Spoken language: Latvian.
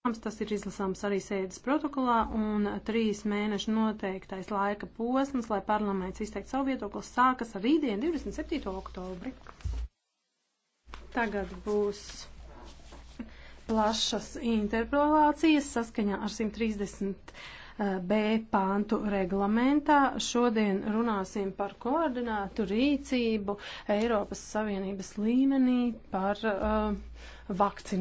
Protams, tas ir izlasāms arī sēdes protokolā un trīs mēnešu noteiktais laika posms, lai parlaments izteikt savu viedokli, sākas rītdien 27. oktobri. Tagad būs plašas interpelācijas saskaņā ar 130. Eh, B pāntu reglamentā. Šodien runāsim par koordinātu rīcību Eiropas Savienības līmenī par uh, vakcināciju.